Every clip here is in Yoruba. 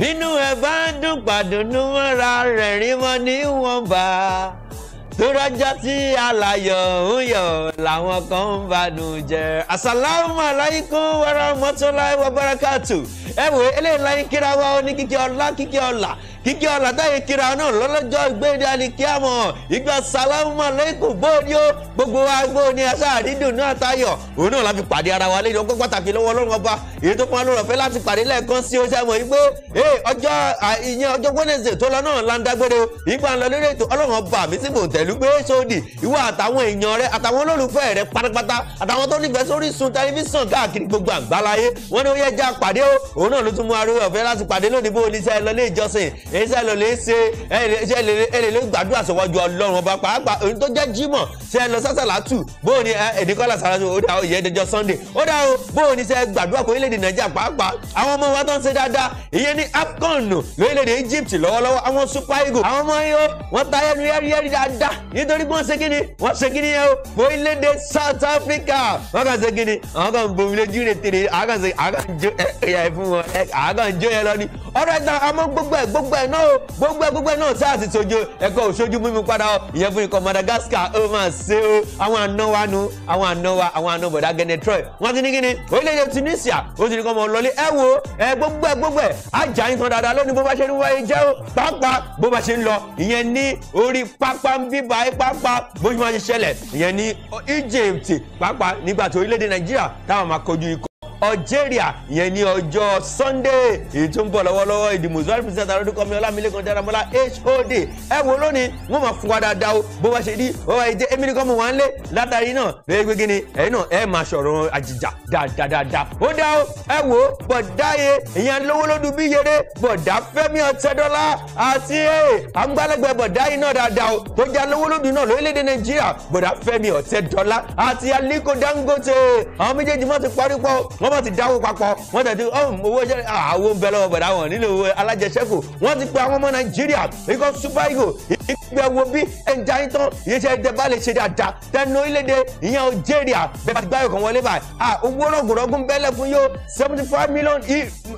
bínú ẹ bá ń dùn pàdùnnú mọ́ra rẹ̀rín mọ́ níwọ̀nba tó rọjọ́ tí alayọ̀ ń yọ̀ làwọn kan ń bàdùn jẹ́ asalaamu alaykum warahmatulahi wabarakatu ẹ wò eléyìí láyé kíra wa ó ní kíkẹ́ ọlá kíkẹ́ ọlá kíkẹ́ ọ̀làdá yìí kíra náà lọ́lọ́jọ́ ìgbéde alikiyamọ̀ ìgbà salamu aleikum bóni ó gbogbo wa gbóni ẹ̀ka àdídùn náà tayọ̀ òun náà la fi pàdé ara wa lẹ́yìn ọgbọ́n pàtàkì lọ́wọ́ ọlọ́run ọba èyí tó fún wa lóòrọ̀ fẹ́ láti pàdé lẹ́ẹ̀kan sí oṣù àmọ́ yìí pé ọjọ́ ìyẹn ọjọ́ wẹ́nẹ̀sẹ̀ tó lọ náà landagbére ìgbà ńlọ lórí ètò ọlọ́run ọba mi sí bòńtẹ̀lú gbé sódì ìwọ àtàwọn èèyàn rẹ àtàwọn olólùfẹ́ rẹ pátápátá àtàwọn tó nífẹ̀ẹ́ sórí sun tẹlifíṣàn káàkiri gbogbo àgbáláyé wọn ni ó yẹ já pàdé o òun náà ló tún mú arúgbó ọ̀fẹ́ láti pàdé lónìí bó oníṣẹ́ lọ ilé ìjọsìn ẹsẹ ló lè ṣe ẹ lè lè gbàdúrà sọwọ́jú ọlọ́run ọba pàápàá èyí tó jẹ́ jímọ̀ ṣe ẹ lọ sásàlátù bóò ni ẹ̀dínkọ́lá sàlátù ó dà ó ìyẹn dẹjọ́ sunday ó dà ó bóò ni ṣe gbàdúrà kó orílẹ̀-èdè nàìjíríà pàápàá àwọn ọmọ wa tó ń ṣe dáadáa ìyẹn ní AFCON lórílẹ̀-èdè Egypt lọ́wọ́lọ́wọ́ àwọn super eagles àwọn ọmọ yìí ó wọ́n ta ẹnu yẹ́rìyẹ́rì dáadáa nítorí pé wọ́n ṣe kíni wọ́n ṣe kíni yẹn o orílẹ̀-èdè South Africa wọ́n kàn ṣe kíni àwọn kan bomi lójú rè tèrè àwọn kan ṣe àwọn kan jó ẹ ẹ fún wọn àwọn kan jó yẹn lọ ni ọ̀rọ̀ ẹ̀gbà àmọ́ gbogbo ẹ̀ gbogbo ẹ̀ náà o gbogbo ẹ̀ gbogbo ẹ̀ náà sars sojú ẹ̀kọ́ òṣojú mímu padà o ìyẹn fún ikọ̀ Madagascar ó máa ṣe o àwọn àna wa nu àwọn àna wa àwọn àna bọ̀dá gẹ́nẹ́ troy wọ́n ti ní kíni orílẹ̀-èdè Tunisia ó ti ní kọ́ mọ́ lọ́lé ẹ wo ẹ gbogbo ẹ gbogbo ẹ ajá yín tán dáadáa lónìí bó bá ṣe ń wáyé jẹ́ o pàápàá bó bá ṣe ń lọ ìyẹn ní orí pápá ń bíbá ẹ pàápàá bó ṣe máa ṣe ṣẹlẹ̀ ìyẹn ní oh, Egypt pàápàá nígbà tó orílẹ̀-èdè Nàìjíríà táwọn máa kojú ikọ̀ Algeria ìyẹn ni ọjọ́ Sunday èyí tó ń bọ̀ lọ́wọ́lọ́wọ́ ìdí mozart president arọ́dúnkọ́mi ọlámilékan dáramọ́lá HOD ẹ wo lónìí wọ́n máa fún wa dáadáa o bó bá ṣe rí wọ́n wáyé jẹ́ emily kọ́mọ wọn lé látàrí náà lóye pé kíni ẹ̀yin náà ẹ máa sọ̀rọ̀ àjìjà dáadáa ó dá o ẹ wo bọ̀dáyé ìyẹn lówólódù bí yẹrẹ bọ̀dá Fẹ́mi Ọ̀tẹ́dọ́lá àti àgbàlagbà bọ̀dáyé náà dáadáa o tó já lówólódù náà lórílẹ̀‐èdè Nàìjíríà bọ̀dá Fẹ́mi Ọ̀tẹ́dọ́lá àti Aliko Dangote àwọn méjèèjì mọ́ ti parí pọ̀ wọ́n bá ti dáwó papọ̀ wọ́n tẹ̀ ti oh, owó jẹ́ àwọn ah, ń bẹ lọ́wọ́ bọ̀dá wọn nílò owó alájẹsẹ́kù wọ́n ti pe àwọn ọmọ Nàìjíríà ikọ̀ Super Eagles ìgbẹ́ wo bí ẹnjà yín tán yìí ṣe ẹdẹ bá lè ṣe dáadáa tẹnu orílẹ̀-èdè ìyẹn Algeria bẹ́ẹ̀ bá ti gbáyọ̀ kan wọlé báyìí à owó rọ̀gùnrọ̀gùn bẹ́ẹ̀lẹ̀ fún yóò seventy five million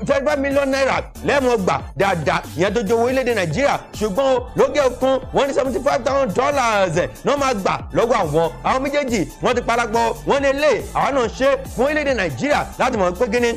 twenty five million naira lẹ́ẹ̀mọ̀ gbà dáadáa ìyẹn tó jọ orílẹ̀-èdè Nàìjíríà ṣùgbọ́n lókè òkun one seventy five thousand dollars náà máa gbà lọ́wọ́ àwọn àwọn méjèèjì wọ́n ti parapọ̀ wọ́n ní ilé àwọn náà ṣe fún orílẹ̀-èdè Nàìjíríà láti mọ̀ pé kíni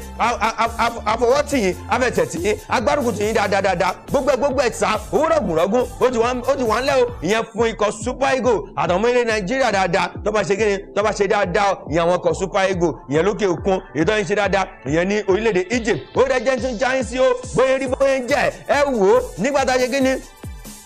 àfọwọ́tì yìí afẹsẹ̀tì yìí agbárùkù tì yìí dáadáa gbogbo gbogbo ẹ̀sà owó rọ̀gùnrọ̀gùn ó ti wọ́n ti wà ńlẹ̀ o ìyẹn fún ikọ̀ super eagle àtàwọn ilé nàìjíríà dáadáa tó bá ṣe kí ni tó bá ṣe dáadáa ìyẹn àwọn ikọ̀ super eagle ìyẹn lókè òkun èyí tó ń ṣe dáadáa ìyẹn ní orílẹ̀-èdè Egypt ó dẹ̀ jẹ́ tún jáyín sí o bóyá rí bóyá jẹ́ ẹ wò ó nígbà tá a ṣe kí ni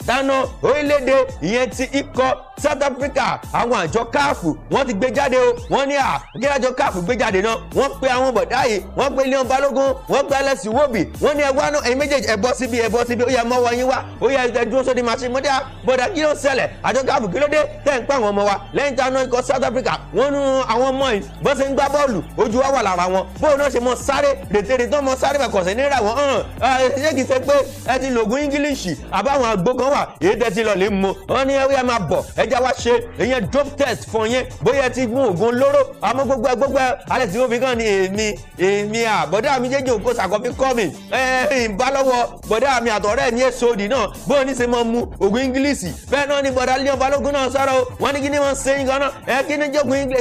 tánà orílẹ̀-èdè ìyẹn ti ikọ̀ South Africa àwọn àjọ káàfù wọ́n ti gbé jáde o wọ́n ní à kí lájọ káàfù gbé jáde náà wọ́n pe àwọn bọ̀dá yìí wọ́n pe Leon Balogun wọ́n pe Alex Iwobi wọ́n ní ẹwà náà ẹ̀yin méjèèjì ẹ̀bọ síbi ẹ̀bọ síbi ó yẹ mọ́wọ́ yín wá ó yẹ ẹ̀dúró sóde màṣẹ mọ́dá bọ̀dá kí ló ń ṣẹlẹ̀ àjọ káàfù kí ló dé tẹ̀ ń pa àwọn ọmọ wa lẹ́yìn táwọn ikọ̀ South Africa wọ́n nu àwọn ọmọ yìí bó ṣe ń gbá bọ́ọ̀lù ojú wa wà lára wọn bóun náà ṣe mọ sáré rètèrè tó mọ sáré bàkọ̀sẹ̀ níra wọn hàn ṣé kìí ṣe pé ẹ ti lògùn English àbáwọn àgbo kan wà èyí tẹ́tí lọ lè mọ̀ wọ́n ní ẹ̀rí ẹ̀ máa bọ̀ ẹja wá ṣe ìyẹn dope test fún yín bóyá ti mú oògùn olóró àmọ́ gbogbo ẹ gbogbo ẹ alẹ́ tí wọ́n fi kàn ní èmi èmi à bọ́dá mi jẹ́jẹ́ òkú sàkọ́fí kọ́ mi ẹ̀ẹ́n bá lọ́wọ́ bọ́dá mi àtọ̀rẹ́ ní èsòdì náà bó ní ṣe máa mu oògùn Ingilisi bẹ́ẹ̀ náà ni bọ́dá Leon Balogun náà sọ̀rọ̀ o wọ́n ní kí ni ń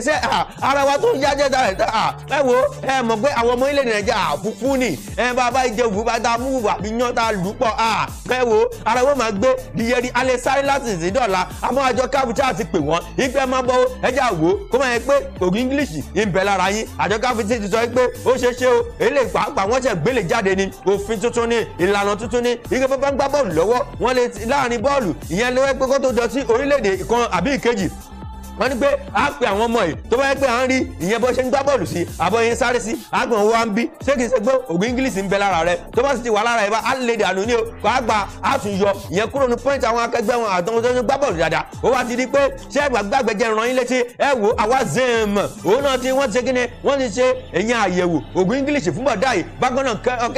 jájẹ́ díyẹrí alẹ́ sáré láti ìsìn dọ̀la àmọ́ àjọ káfíńtà ti pè wọ́n ìgbẹ́ máa bọ́ ẹja wò ó kó máa yẹ pé ògùn english ń lára yín àjọ káfíńtà ti sọ pé ó ṣe ṣe o eléyìí pàápàá wọ́n ṣẹ̀ gbélé jáde ni òfin tuntun ni ìlànà tuntun ni ike bọ́ọ̀lù ń gbá bọ́ọ̀lù lọ́wọ́ wọ́n lè láàrin bọ́ọ̀lù ìyẹn lọ́wọ́ pé kó tó jọ sí orílẹ̀-èdè kan àbí ìkejì wọ́n ní pé a pe àwọn ọmọ yìí tó bá yẹ pé à ń rí ìyẹn bó ṣe ń gbá bọ́ọ̀lù sí àbọ̀ yẹn sáré sí àgbọ̀n owó à ń bí ṣé kìí ṣe pé ògùn english ń bẹ lára rẹ tó bá sì ti wà lára ẹ bá á lè dànù ní o kó a gba a tún yọ ìyẹn kúrò ní pọ́ìntì àwọn akẹgbẹ́ wọn àtọ́wọn tó ń gbá bọ́ọ̀lù dáadáa ó wá ti di pé ṣé àgbàgbẹ́jẹ ràn yín létí ẹ wo àwa zim òun náà ti wọ́n ti ni wọ́n ti ṣe ìyẹn àyẹ̀wò ògùn english fún bọ̀dá yìí bákan náà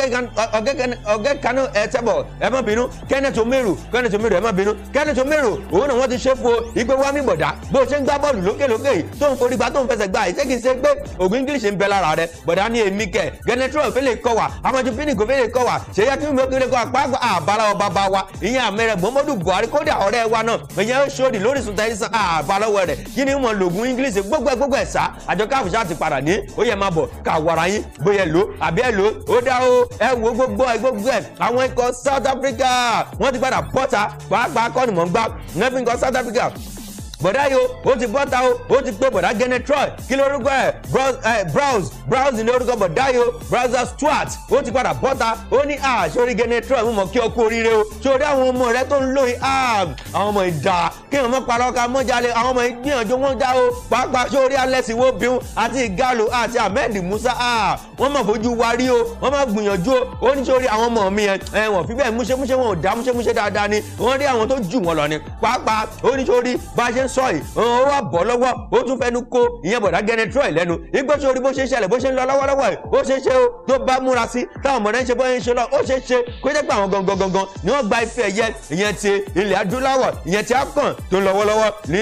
ọ̀gẹ́ kanú ẹ tẹ́bọ̀ ẹ má bínú kenneth omeru kenneth omeru ẹ má bínú kenneth omeru òun náà wọ́n ti ṣe fún o gbá bọ́ọ̀lù lókèlókè yìí tó ń forí gba tó ń fẹsẹ̀ gba ìṣe kìí ṣe pé ògùn english ń bẹ lára rẹ bọ̀dá ní èmi kẹ̀ gẹ́nẹ́tírọ̀ fẹ́lẹ̀ kọ́ wa amadu pínnìkò fẹ́lẹ̀ kọ́ wa ṣèyí akínwó fẹ́lẹ̀ kọ́ apá àbára ọba bá wa ìyẹn àmẹ́rẹ̀ mọ́mọ́dù buhari kódà ọ̀rẹ́ wa náà ìyẹn ó ṣòdì lórí sùn tẹ́sán àbálọ́wọ́ rẹ̀ kí ni mo lògùn english gbogbo ẹ̀ gbogbo ẹ̀ sá àjọ káfíṣà ti padà ní ó yẹ máa bọ̀ ká wàrà yín bóyá south africa wọ́n ti padà bọ́ta pàápàá kọ́ni mọ̀ ń gbá south africa bọ̀dá yo ó ti bọ́ta o ó ti pé bọ̀dá genetroy kí lórúkọ ẹ̀ browse browse ní orúkọ bọ̀dá yo browser stuart ó ti padà bọ́ta ó ní à sórí genetroy mo mọ̀ kí o kú oríire o sórí àwọn ọmọ rẹ tó ń lò ààb àwọn ọmọ ìdá kí wọn mọ parọ́ ká mọ́ jalè àwọn ọmọ ìgbìyànjú wọn já o pàápàá sórí alẹ́sì wo bíun àti ìgalo àti ahmed musa à wọ́n mọ̀ fojú wa rí o wọ́n mọ̀ gbìyànjú o ó ní sórí àwọn ọmọ mi yẹn wọ́n fi bẹ́ẹ̀ múṣẹ́múṣẹ́ wọn ò dá múṣẹ́múṣẹ́ dáadáa ni wọ́n rí àwọn tó jù wọn lọ ni pàápàá ó ní sórí bá a ṣe ń sọ yìí ó wà bọ́ lọ́wọ́ ó tún fẹnu kó ìyẹn bọ̀dá gẹ́nẹ́ troy lẹ́nu ìgbésí orí bó ṣe ń ṣẹlẹ̀ bó ṣe ń lọ lọ́wọ́lọ́wọ́ yìí ó ṣe é ṣe ó tó bá múra sí táwọn ọmọ ń ṣe bó ń ṣe lọ ó ṣe é ṣe kó jẹ́ pé àwọn gangan gangan ni wọ́n gba ife ẹ̀yẹ ìyẹn ti ilẹ̀ adúláwọ̀ ìyẹn ti AFCON tó lọ́wọ́lọ́wọ́ ní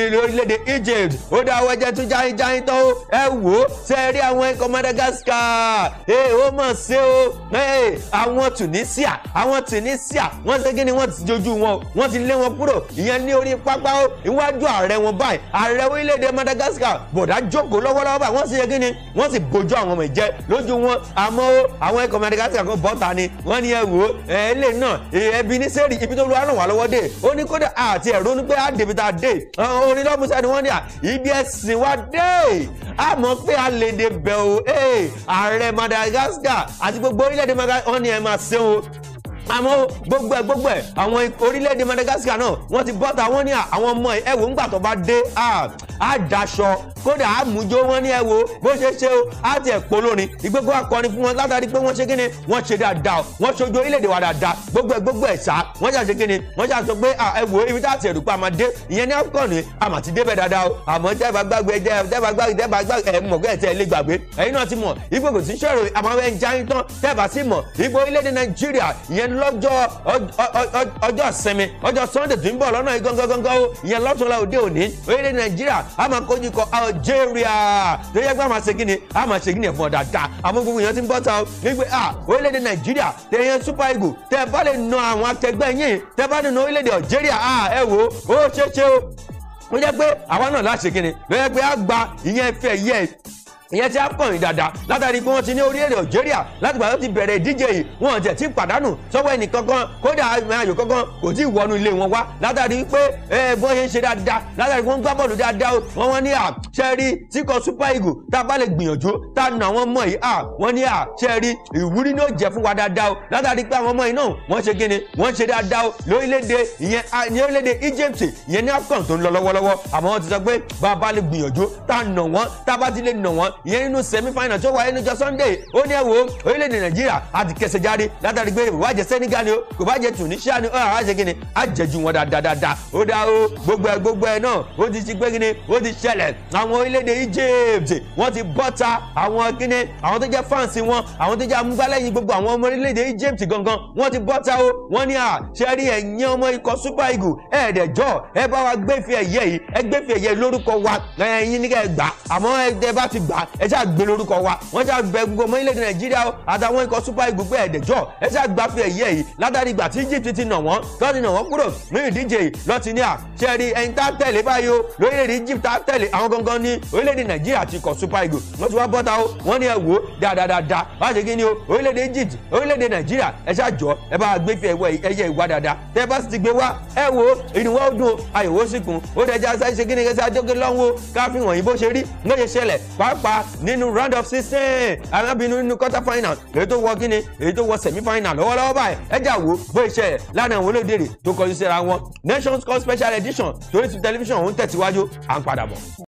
èdè ààrẹ wọn báyìí ààrẹ orílẹ̀-èdè Madagascar bọ̀dá jókòó lọ́wọ́lọ́wọ́ báyìí wọ́n sì yẹ kíni wọ́n sì bójú àwọn ọmọ ìjẹ lójú wọn àmọ́ àwọn ẹ̀kọ́ Madagascar kan bọ́ta ni wọ́n ní ẹ wò ó ẹ lè náà ẹbí ní sẹ́ẹ̀rì ibi tó lu àrùn wà lọ́wọ́ dé ó ní kódà àti ẹ̀rọ ní pé á débi tá a dé orin lọ́mùsá ni wọ́n ní à ibi ẹ̀sìn wa dé àmọ́ pé a lè dé bẹ̀ o ààrẹ Madagascar àti gbogbo orílẹ̀-èdè Madagascar wọ́n ní ẹ máa ṣe àmọ́ gbogbo ẹ̀ gbogbo ẹ̀ àwọn orílẹ̀-èdè Madagascar náà wọ́n ti bọ́ta wọ́n ní àwọn ọmọ ẹ̀wò ńgbà tó bá dé ah, á daṣọ kódà á mújó wọn ní ẹ bó ṣe ṣe o á tiẹ̀ polórin ìgbégbó akọrin fún wọn látàrí pé wọ́n ṣe kíni wọ́n ṣe dáadáa wọ́n ṣojú orílẹ̀ wa dáadáa gbogbo ẹ̀ gbogbo ẹ̀ sá wọ́n ṣà ṣe kíni wọ́n ṣà sọ pé ẹ ibi tá a ti ẹ̀rù àmà dé ìyẹn ní AFCON ni àmà ti débẹ̀ dáadáa o àmọ́ tẹ́ẹ̀bà gbàgbé tẹ́ẹ̀bà gbàgbé ẹ̀ mọ̀ kẹ́ẹ̀ tẹ́ gbàgbé ẹ̀yin náà ti mọ̀ ipò kò sí ṣòro àmọ́ ẹ̀ ń jáyín tán tẹ́ẹ̀bà sí mọ̀ ipò orílẹ̀-èdè Nàìjíríà ìyẹn lọ́jọ́ ọjọ́ ìsinmi ọjọ́ Sunday tó ń bọ̀ lọ́nà igangangangan o ìyẹn lọ́túnla òde òní orílẹ̀-èdè Nàìjíríà a máa kojú ikọ̀ Algeria tó yẹ pé a máa ṣe kí ni a máa ṣe kí ni ẹ̀fọn dáadáa àmọ́ gbogbo èèyàn ti ń bọ́ta o wípé a orílẹ̀-èdè Nàìjíríà tẹ̀yẹn Super Eagles tẹ́ bá lè na àwọn akẹgbẹ́ yín tẹ́ bá lè na orílẹ̀-èdè Algeria a ẹ wo ó ṣeé ṣe o ó jẹ́ pé àwa náà láṣẹ kí ni ló yẹ pé a gba ìyẹn fẹ́ yẹ ìyẹn ti á kàn dáadáa látàrí pé wọ́n ti ní orílẹ̀-èdè Algeria láti gbà tó ti bẹ̀rẹ̀ ìdíje yìí wọn ò tẹ̀ pàdánù sọ́wọ́ ẹnì kankan kódà ayò kankan kò tí ì wọnú ilé wọn wá látàrí pé ẹ ṣe ń ṣe dáadáa látàrí pé wọ́n gbá bọ́ọ̀lù dáadáa o wọ́n wọ́n ní à ṣẹ́rí tíkọ̀ Super Eagles tá a bá lè gbìyànjú tá a nà wọ́n mọ̀ yìí à wọ́n ní à ṣẹ́rí ìwúrí ní ó jẹ́ fún wa dáadáa o látàrí pé àwọn ìyẹn nínú semi final tó wáyé níjọ́ Sunday ó ní ẹ̀wò orílẹ̀-èdè Nàìjíríà àti kẹsẹ̀ jáde látàrí pé ìwádìí Senegal ni ó kò bá jẹ Tunisia ni ó àwọn àṣekínni àjẹjù wọn dáadáa ó dá o gbogbo ẹ gbogbo ẹ náà ó ti ṣe gbẹ́gínni ó ti ṣẹlẹ̀ àwọn orílẹ̀-èdè Egypt wọ́n ti bọ́ta àwọn kíni àwọn tó jẹ́ fáǹsì wọn àwọn tó jẹ́ amúgbálẹ́yìn gbogbo àwọn ọmọ orílẹ̀-èdè Egypt gangan wọ́n ti bọ́ta o wọ́n ní à ṣe rí ẹ̀yin ọmọ ikọ̀ Super Eagles ẹ̀ẹ́dẹ̀jọ́ ẹ bá wa gbé fi ẹ̀yẹ yìí ẹ gbé fi ẹ̀yẹ lórúkọ wa ẹ̀yin ní ká ẹ gbà àmọ́ ẹ bá ti gbà ẹ ṣáà gbé lórúkọ wa wọ́n ṣáà gbẹ gbogbo ọmọ ilẹ̀ nàìjíríà o àtàwọn ikọ̀ super eagles pé ẹ̀dẹ̀jọ́ ẹ ṣáà gbá ẹ̀yẹ yìí látàrí ìgbà tí egypt ti nà wọ́n tó ti nà wọ́n kúrò nínú ìdíje yìí lọ́ ní à ṣe rí ẹni tá a tẹ̀lé báyìí o lórílẹ̀ egypt tá a tẹ̀lé àwọn gangan ní orílẹ̀ nàìjíríà ti kọ̀ super eagles wọ́n ti wá bọ́ta o wọ́n ní ẹ wò ó dáadáa kópa nínú round of sixteen arábìnrin nínú quarter final èyí tó wọ kíni èyí tó wọ semi final lọ́wọ́lọ́wọ́ báyìí ẹjà wo bó iṣẹ́ rẹ̀ lánàá àwọn olódèrè tó kọjú síra wọn Nations Cup special edition torí ti tẹlifíṣàn òun tẹ̀síwájú à ń padà bọ̀.